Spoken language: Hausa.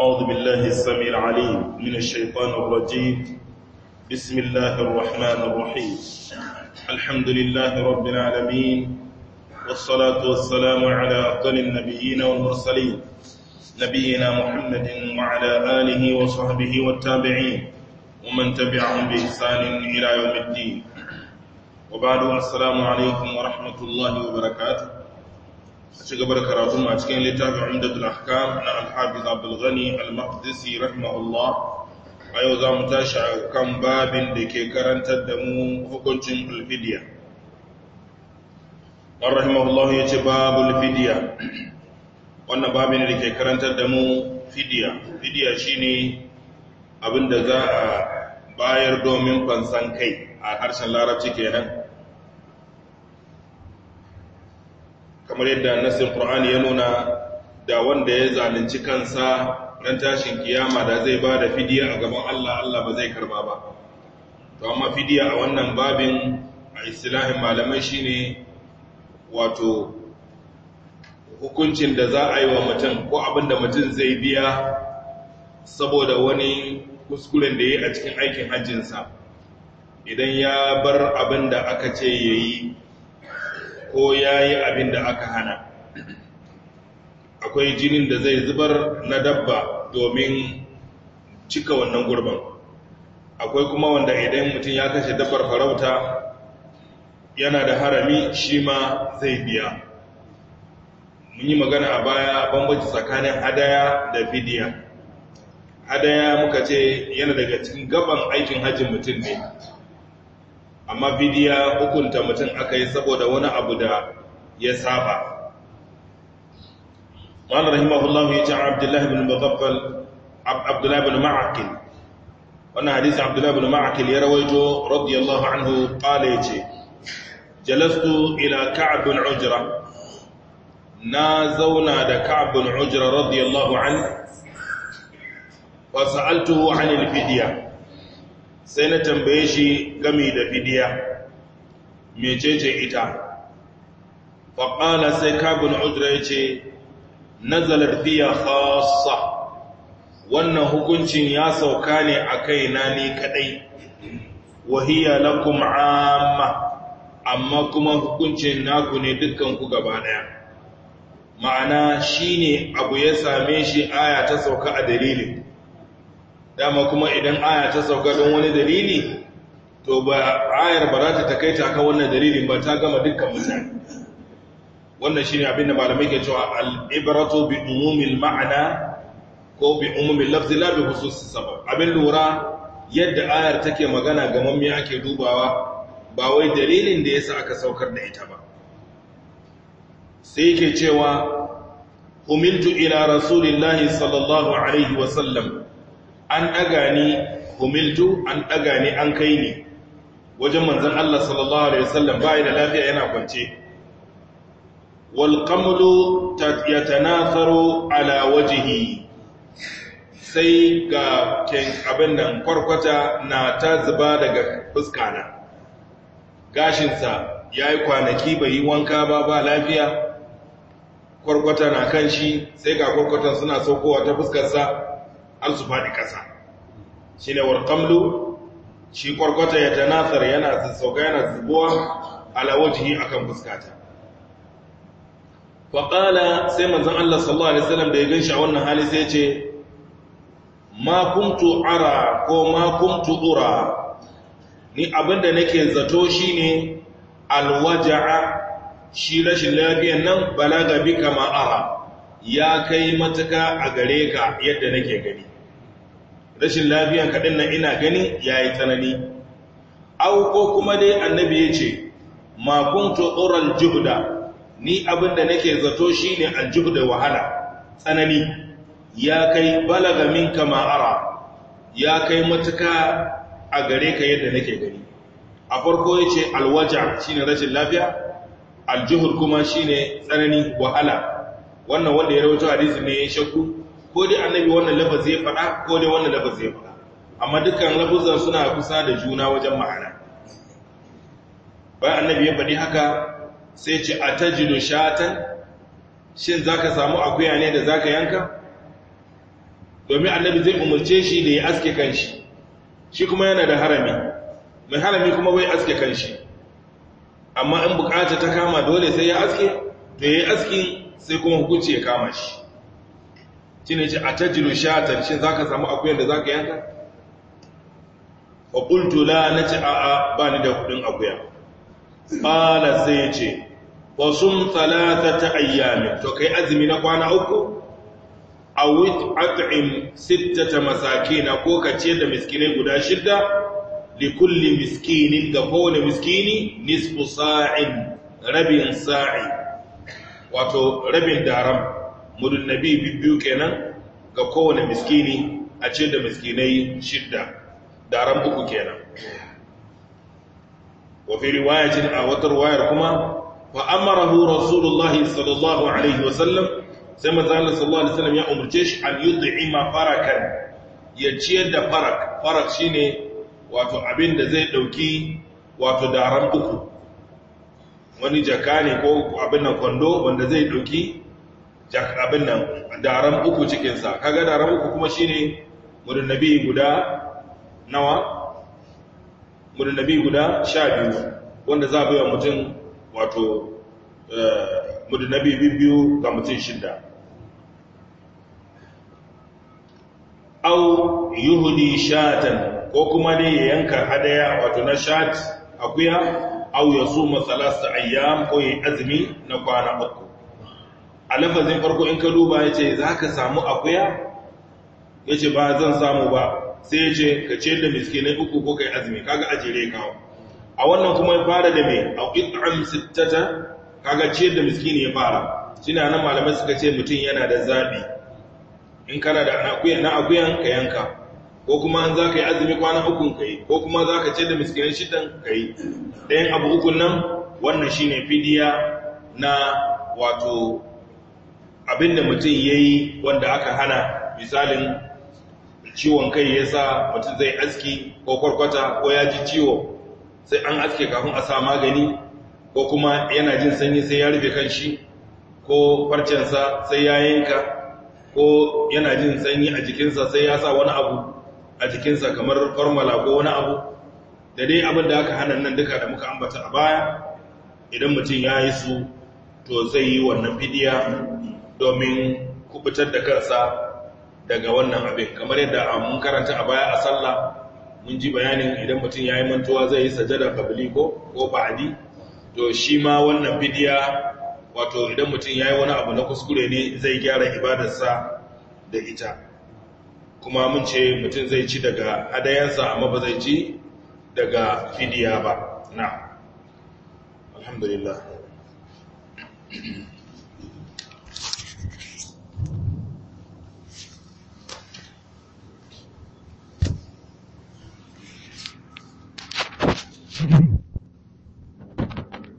أعوذ بالله السميع العليم من الشيطان الرجيم بسم الله الرحمن الرحيم الحمد لله رب العالمين والصلاة والسلام على أفضل النبيين والمرسلين نبينا محمد وعلى آله وصحبه والتابعين ومن تبعهم بإحسان إلى يوم الدين وبعد السلام عليكم ورحمة الله وبركاته ci gaba da karatu ma cikin littafin inda dunaka na alhabis abulgani almakdisi rahimahullah a yau za mu tashi a kan babin da ke karantar da mu hukuncin bulfidiya wani rahimahullah ya ce ba bulfidiya wannan babin da ke karantar da mu fidiya fidiya shi ne da za a bayar domin kwanson kai a harshen larabci kenan kamar yadda nasir qur'ani ya nuna da wanda ya zalunci kansa ran tashin kiyama da zai ba da fidiya a gaban Allah Allah ba zai karba ba to amma fidiya a wannan babin a istilahin malamai shine wato hukuncin da za a yi wa mutum ko abin da mutum zai biya saboda wani kuskuren da ya yi a cikin aikin hajjinsa idan ya bar abin da aka ce ya yi ko ya yi abin da aka hana akwai jinin da zai zubar na dabba domin cika wannan gurbin. akwai kuma wanda idan mutum ya kashe dabbar farauta yana da harami shi ma zai biya mun yi magana a baya bambanci tsakanin hadaya da fidiya hadaya muka ce yana daga cikin gaban aikin hajjin mutum ne amma bidiya hukunta mutum aka yi saboda wani abu da ya saba. Wani rahimahullah ya ce Abdullahi bin Mubafal, Abdullahi bin Ma'akil, wani hadisi Abdullahi bin Ma'akil ya rawaito, radiyallahu anhu, ƙala ya ce, Jalastu ila ka'abin ujira, na zauna da ka'abin ujira radiyallahu anhu, wasu altuhu hannun fidiya. sai na tambaye shi gami da fidiya mecece ita faƙala sai kabin udra ya ce na fiya fasa wannan hukuncin ya sauka ne a kai na ni kadai wahiya lakum amma amma kuma hukuncin naku ne dukkanku gaba daya ma'ana ne abu ya same shi aya ta sauka a dalilin dama kuma idan aya ta sauka don wani dalili to ba ayar ba za ta takaita kan wannan dalilin ba ta gama dukkan mutane wannan shine abin da malamai ke cewa al-ibratu bi umumil ma'ana ko bi umumil lafzi la bi khususis sabab abin lura yadda ayar take magana ga mamme ake dubawa ba wai dalilin da yasa aka saukar da ita ba sai yake cewa umiltu ila rasulillahi sallallahu alaihi wa sallam an ɗaga ni humiltu an ɗaga ni an kai ni wajen manzan Allah sallallahu Alaihi wasallam bayi da lafiya yana kwance walƙamlu ya tsaro ala wajihi sai ga abin nan kwarkwata na ta zuba daga fuskana gashinsa ya yi kwanaki bai yi wanka ba ba lafiya kwarkwata na kan shi sai ga kwarkwatan suna saukowa ta fuskarsa har su faɗi ƙasa shi ne warkamlu shi ƙwarƙwata ya nasar yana sassauka yana zubuwa alawajihi akan fuskata faƙala sai manzan Allah sallallahu Alaihi wasallam da ya gan sha wannan hali sai ce ma kun ara ko ma kun tu'ura? ni abinda nake zato shi ne alwaja'a shi rashin lafiyan nan balaga bi kama ara ya kai matuka a gare ka yadda nake gani rashin lafiyan kaɗin nan ina gani ya yi tsanani Awu ko kuma dai annabi ya ce makuntu tsoron jihuda. ni abin da nake zato shi ne da wahala tsanani ya kai balaga min kama'ara ya kai matuka a gare ka yadda nake gani a farko ya ce alwaja shi ne rashin lafiya aljuhur kuma shi ne tsanani wahala wannan wanda ya rawaito hadisi ne ya shakku ko dai annabi wannan lafazi ya faɗa ko dai wannan lafazi ya faɗa amma dukkan lafazan suna kusa da juna wajen ma'ana bayan annabi ya faɗi haka sai ce a jino shatan shin za ka samu akuya ne da za ka yanka domin annabi zai umarce shi da ya aske kanshi shi kuma yana da harami mai harami kuma bai aske kanshi amma in bukata ta kama dole sai ya aske to ya yi aski sai kuma hukunci ya kama shi shi ne ce a tajiru shatar shi za ka samu akuyar da za ka yanka faƙultu na ce a'a ba ni da kudin akuya ƙala sai ce sun talata ta ayyami to kai azumi na kwana uku a wit at'im sittata masakina ko ka ce da miskinai guda shidda likulli miskinin ga kowane miskini nisfu sa'in rabin sa'i wato rabin daram mudun nabi biyu kenan ga kowane miskini a ce da miskinai shidda daren uku kenan wafi riwayatin a watar wayar kuma fa amarahu rasulullah sallallahu alaihi wasallam sai mazalar sallallahu alaihi wasallam ya umarce shi an yi du'ima farakan ya ciyar da farak farak shine wato abin da zai dauki wato daren uku wani jaka ne ko abin nan kwando wanda zai dauki abin nan daren uku cikinsa kaga daren uku kuma shine murin nabi guda nawa murin nabi guda sha biyu wanda za a baiwa mutum wato murin eh, nabi biyu ga mutum shida au yuhudi shatan ko kuma ne ya yanka hadaya wato na shat akuya au ya suma salasa ayyam ko ya azumi na kwana uku a lafazin farko in ka duba ya ce za ka samu akuya ya ce ba zan samu ba sai ya ce ka ce da na uku ko kai azumi kaga ajiye kawo a wannan kuma ya fara da mai a ƙi'an sittata kaga ce da ne ya fara shi na nan malamai suka ce mutum yana da zaɓi in kana da na akuyan ka yanka ko kuma an za ka yi azumi kwanan ukun ka yi ko kuma za ka ce da na shidan ka yi ɗayan abu uku nan wannan shi ne fidiya na wato abinda mutum ya yi wanda aka hana misalin ciwon kai ya sa mutum zai aski ko kwarkwata ko ya ji ciwo sai an aske kafin a sa magani ko kuma yana jin sanyi sai ya rufe kanshi ko farcensa sai ya yanka ko yana jin sanyi a jikinsa sai ya sa wani abu a jikinsa kamar formula ko wani abu da dai abin da aka hana nan duka da muka ambata a baya idan mutum ya yi su to zai yi wannan fidiya domin kubutar da kansa daga wannan abin kamar yadda ah, mun karanta a baya a sallah mun ji bayanin idan mutum ya yi mantuwa zai yi sajada kabili ko ba'adi to shi ma wannan bidiya wato idan mutum ya yi wani abu na kuskure ne zai gyara ibadarsa da ita kuma mun ce mutum zai ci daga hadayensa amma ba zai ci daga fidiya ba na alhamdulillah